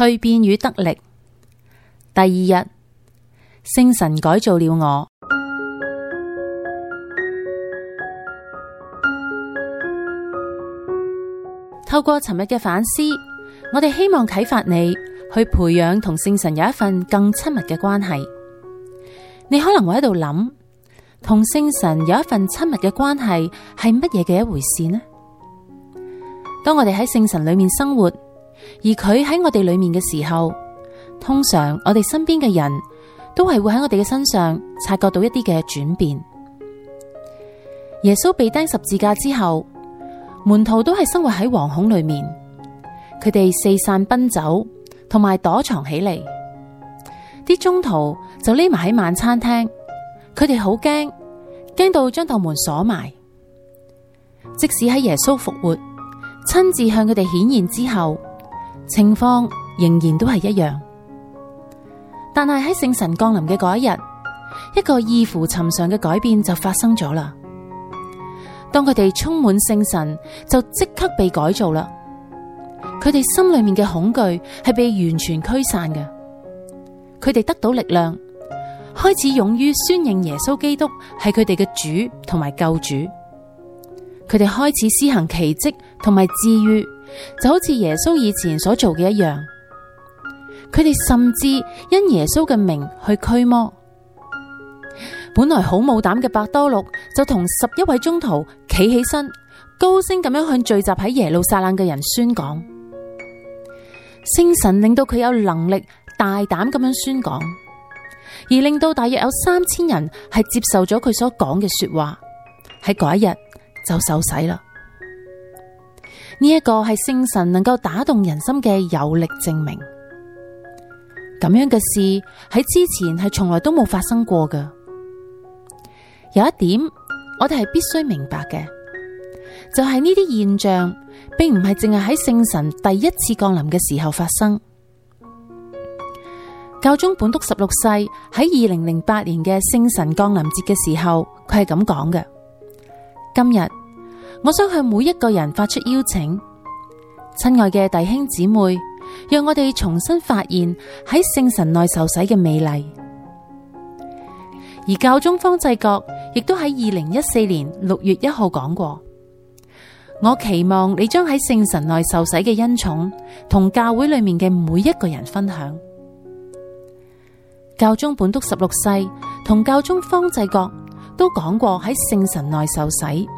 蛻變與得力。第二日，聖神改造了我。透過尋日嘅反思，我哋希望啟發你去培養同聖神有一份更親密嘅關係。你可能會喺度諗，同聖神有一份親密嘅關係係乜嘢嘅一回事呢？當我哋喺聖神裏面生活。而佢喺我哋裏面嘅時候，通常我哋身邊嘅人都係會喺我哋嘅身上察覺到一啲嘅轉變。耶穌被釘十字架之後，門徒都係生活喺惶恐裏面，佢哋四散奔走，同埋躲藏起嚟。宗徒哋就匿埋喺晚餐廳，佢哋好驚，驚到將道門鎖埋。即使喺耶穌復活，親自向佢哋顯現之後。情況仍然都係一樣，但係喺聖神降臨嘅嗰一日，一個異乎尋常嘅改變就發生咗啦。當佢哋充滿聖神，就即刻被改造啦。佢哋心裏面嘅恐懼係被完全驅散嘅，佢哋得到力量，開始勇於宣認耶穌基督係佢哋嘅主同埋救主。佢哋開始施行奇蹟同埋治癒。就好似耶穌以前所做嘅一樣，佢哋甚至因耶穌嘅名去驅魔。本來好冇膽嘅伯多祿就同十一位宗徒企起身，高聲咁樣向聚集喺耶路撒冷嘅人宣講。聖神令到佢有能力大膽咁樣宣講，而令到大約有三千人係接受咗佢所講嘅說話。喺嗰一日就受洗啦。呢一個係聖神能夠打動人心嘅有力證明。咁樣嘅事喺之前係從來都冇發生過嘅。有一點我哋係必須明白嘅，就係呢啲現象並唔係淨係喺聖神第一次降臨嘅時候發生。教宗本篤十六世喺二零零八年嘅聖神降臨節嘅時候，佢係咁講嘅：今日，我想向每一個人發出邀請，親愛嘅弟兄姊妹，讓我哋重新發現喺聖神內受洗嘅美麗。而教宗方濟各亦都喺二零一四年六月一號講過，我期望你將喺聖神內受洗嘅恩寵，同教會裏面嘅每一個人分享。教宗本篤十六世同教宗方濟各都講過喺聖神內受洗。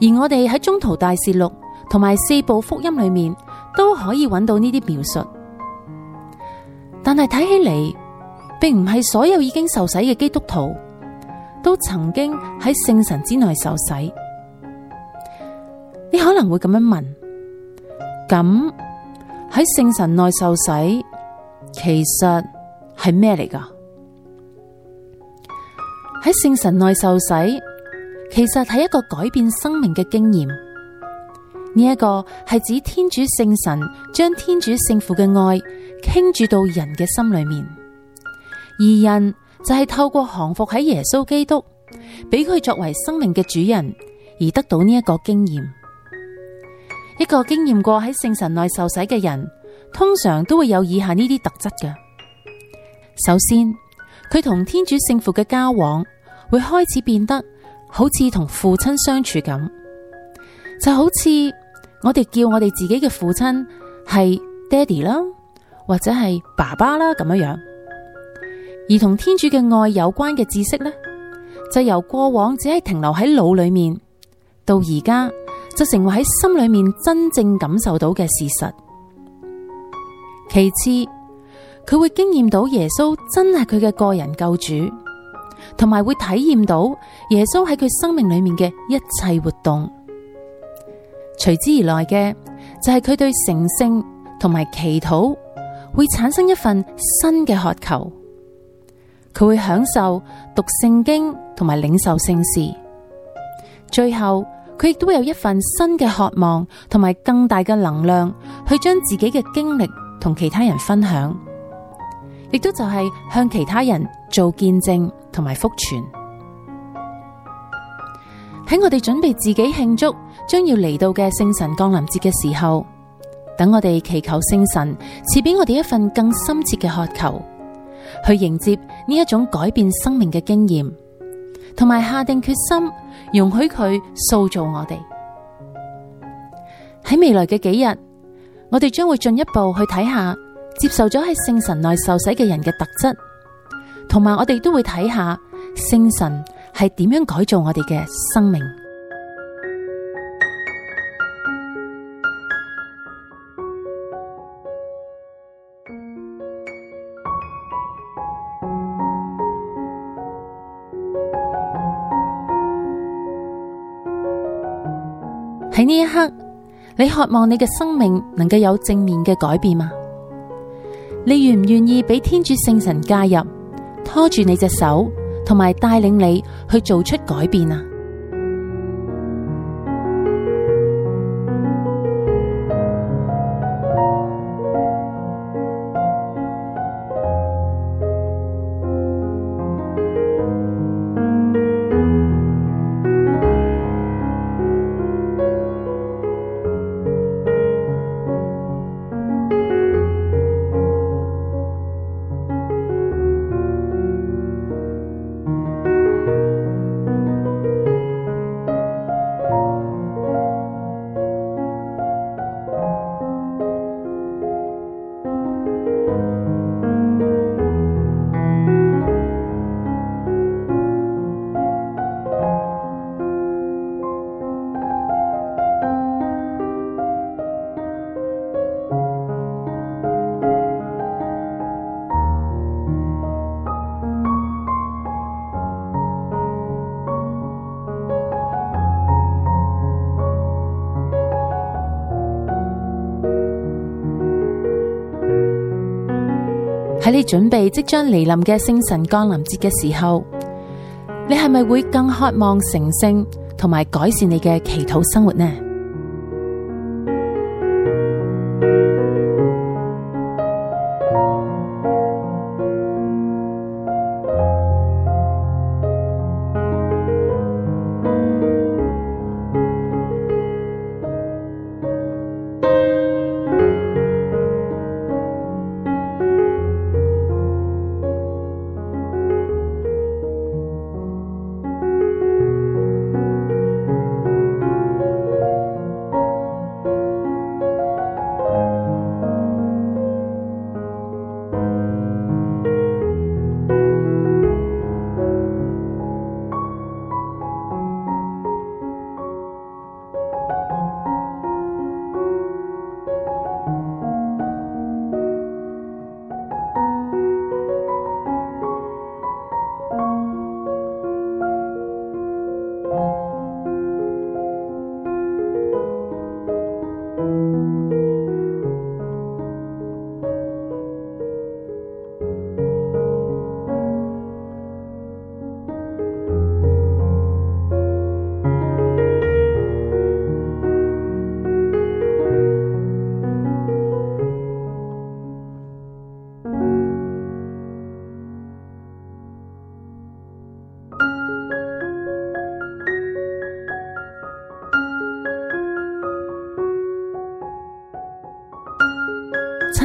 而我哋喺宗徒大事錄同埋四部福音裏面都可以揾到呢啲描述，但係睇起嚟，並唔係所有已經受洗嘅基督徒都曾經喺聖神之內受洗。你可能會咁樣問：咁喺聖神內受洗，其實係咩嚟噶？喺聖神內受洗。其實係一個改變生命嘅經驗。呢一個係指天主聖神將天主聖父嘅愛傾注到人嘅心裏面，而人就係透過降服喺耶穌基督，俾佢作為生命嘅主人，而得到呢一個經驗。一個經驗過喺聖神內受洗嘅人，通常都會有以下呢啲特質嘅。首先，佢同天主聖父嘅交往會開始變得，好似同父親相處咁，就好似我哋叫我哋自己嘅父親係爹哋啦，或者係爸爸啦咁樣樣。而同天主嘅愛有關嘅知識呢，就由過往只係停留喺腦裏面，到而家就成為喺心裏面真正感受到嘅事實。其次，佢會經驗到耶穌真係佢嘅個人救主。同埋會體驗到耶穌喺佢生命裏面嘅一切活動，隨之而來嘅就係、是、佢對成聖同埋祈禱會產生一份新嘅渴求，佢會享受讀聖經同埋領受聖事，最後佢亦都會有一份新嘅渴望同埋更大嘅能量去將自己嘅經歷同其他人分享。亦都就係向其他人做見證同埋福傳。喺 我哋準備自己慶祝將要嚟到嘅聖神降臨節嘅時候，等我哋祈求聖神賜俾我哋一份更深切嘅渴求，去迎接呢一種改變生命嘅經驗，同埋下定決心，容許佢塑造我哋。喺未來嘅幾日，我哋將會進一步去睇下。接受咗喺聖神內受洗嘅人嘅特質，同埋我哋都會睇下聖神係點樣改造我哋嘅生命。喺呢 一刻，你渴望你嘅生命能夠有正面嘅改變嗎？你願唔願意俾天主聖神介入，拖住你隻手，同埋帶領你去做出改變啊？喺你準備即將嚟臨嘅聖神降臨節嘅時候，你係咪會更渴望成聖同埋改善你嘅祈禱生活呢？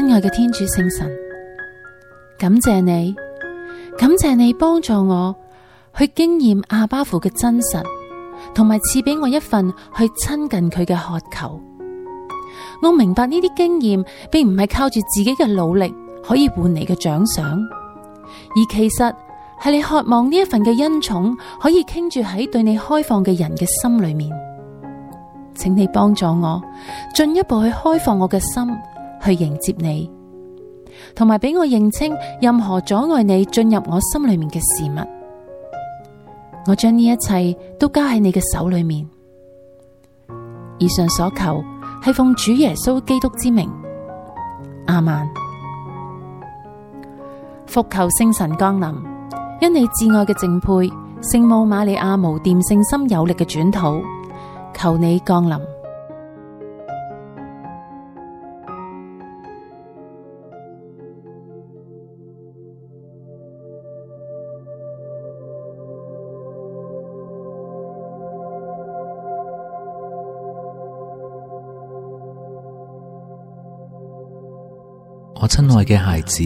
親愛嘅天主聖神，感謝你，感謝你幫助我去經驗阿爸父嘅真實，同埋賜俾我一份去親近佢嘅渴求。我明白呢啲經驗並唔係靠住自己嘅努力可以換嚟嘅獎賞，而其實係你渴望呢一份嘅恩寵可以傾住喺對你開放嘅人嘅心裏面。請你幫助我進一步去開放我嘅心。去迎接你，同埋俾我認清任何阻礙你進入我心裏面嘅事物。我將呢一切都交喺你嘅手裏面。以上所求，係奉主耶穌基督之名，亞孟。伏求聖神降臨，因你至愛嘅淨配聖母瑪利亞無玷聖心有力嘅轉禱，求你降臨。我親愛嘅孩子，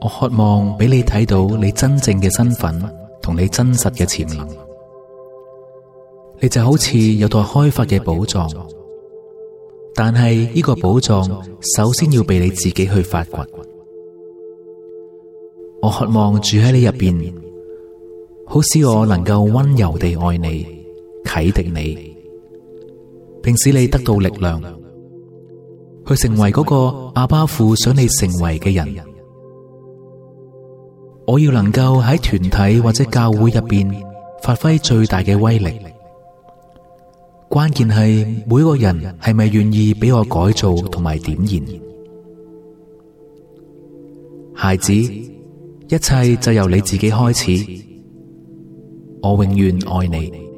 我渴望俾你睇到你真正嘅身份同你真實嘅潛能。你就好似有待開發嘅寶藏，但係呢個寶藏首先要被你自己去發掘。我渴望住喺你入邊，好使我能夠溫柔地愛你、啟迪你，並使你得到力量。佢成為嗰個阿爸父想你成為嘅人，我要能夠喺團體或者教會入邊發揮最大嘅威力。關鍵係每個人係咪願意俾我改造同埋點燃？孩子，一切就由你自己開始。我永遠愛你。